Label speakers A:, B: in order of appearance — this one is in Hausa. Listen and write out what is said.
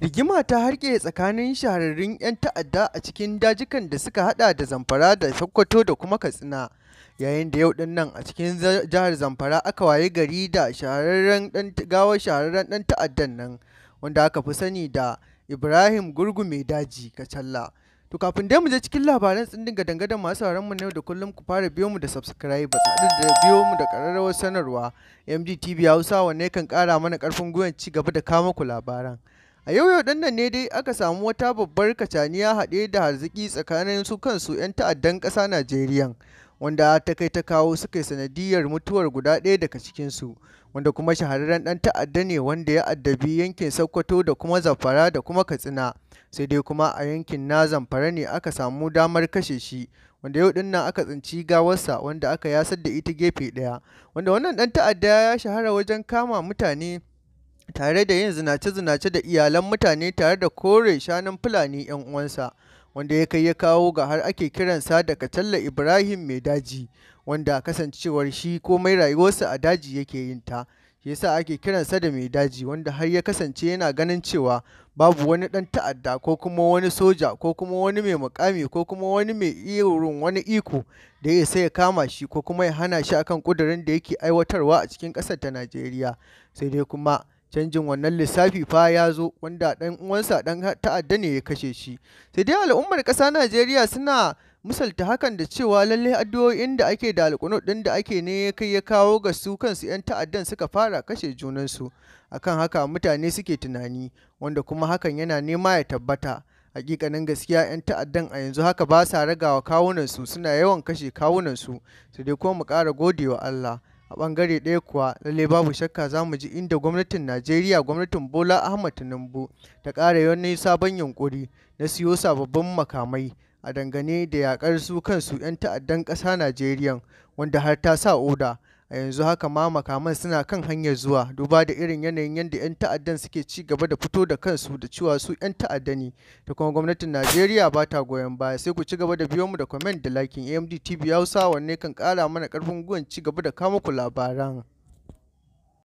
A: Rigima ta harke tsakanin shahararrun 'yan ta'adda a cikin dajikan da suka haɗa da Zamfara da Sokoto da kuma Katsina, yayin da yau ɗin nan a cikin jihar Zamfara aka waye gari da shahararren gawar shahararren ɗan ta'addan nan, wanda aka fi sani da Ibrahim Gurgu Mai Daji Kacalla. To kafin dai mu je cikin labaran tsindin ga dangadan masu sauraron mu na yau da kullum ku fara biyo mu da subscribe ba da biyo mu da ƙararrawar sanarwa MGTV Hausa wanne kan kara mana karfin gwiwar ci gaba da kama ku labaran. A yau yau dan ne dai aka samu wata babbar kacaniya haɗe da harziki tsakanin su kansu 'yan ta'addan ƙasa najeriya wanda ta kai ta kawo suka yi sanadiyar mutuwar guda ɗaya daga cikinsu, wanda kuma shahararren ɗan ta'adda ne wanda ya addabi yankin Sokoto da kuma Zamfara da kuma Katsina, sai dai kuma a yankin na Zamfara ne aka samu damar kashe shi. wanda yau dinnan aka tsinci gawarsa wanda aka yasar da ita gefe ɗaya wanda wannan ɗan ta'adda ya shahara wajen kama mutane tare da yin zinace-zinace da iyalan mutane tare da kore shanun Fulani 'yan uwansa, wanda ya kai ya kawo ga har ake kiransa da Katalla Ibrahim mai daji, wanda kasancewar shi komai rayuwarsa a daji yake yin ta. yasa ake kiransa da mai daji wanda har ya kasance yana ganin cewa babu wani dan ta'adda ko kuma wani soja ko kuma wani mai mukami ko kuma wani mai irin wani iko da ya sai ya kama shi ko kuma ya hana shi akan kudirin da yake aiwatarwa a cikin kasar ta Najeriya. Sai dai kuma canjin wannan lissafi fa ya zo wanda ɗan uwansa ɗan ta'adda ne ya kashe shi sai dai al'ummar ƙasa najeriya suna misalta hakan da cewa lallai addu'o'in da ake da alƙunut ɗin da ake ne ya kai ya kawo ga su kansu 'yan ta'addan suka fara kashe junansu akan haka mutane suke tunani wanda kuma hakan yana nema ya tabbata hakikanin gaskiya 'yan ta'addan a yanzu haka ba sa ragawa kawunansu suna yawan kashe kawunansu su dai kuma mu ƙara gode wa Allah a bangare ɗaya kuwa lalle babu shakka za mu ji inda gwamnatin najeriya gwamnatin bola ahmad tinubu ta ƙara wani sabon yunkuri na siyo sababbin makamai a dangane da yaƙar su kansu 'yan ta'addan ƙasa najeriya wanda har ta sa oda a yanzu haka ma makaman suna kan hanyar zuwa duba da irin yanayin yadda 'yan ta'addan suke ci gaba da fito da kansu da cewa su 'yan ta'adda ne ta kuma gwamnatin najeriya ba ta goyon baya sai ku ci gaba da biyo mu da comment da liking amd tv hausa wanne kan kara mana karfin gwiwa ci gaba da kama ku labaran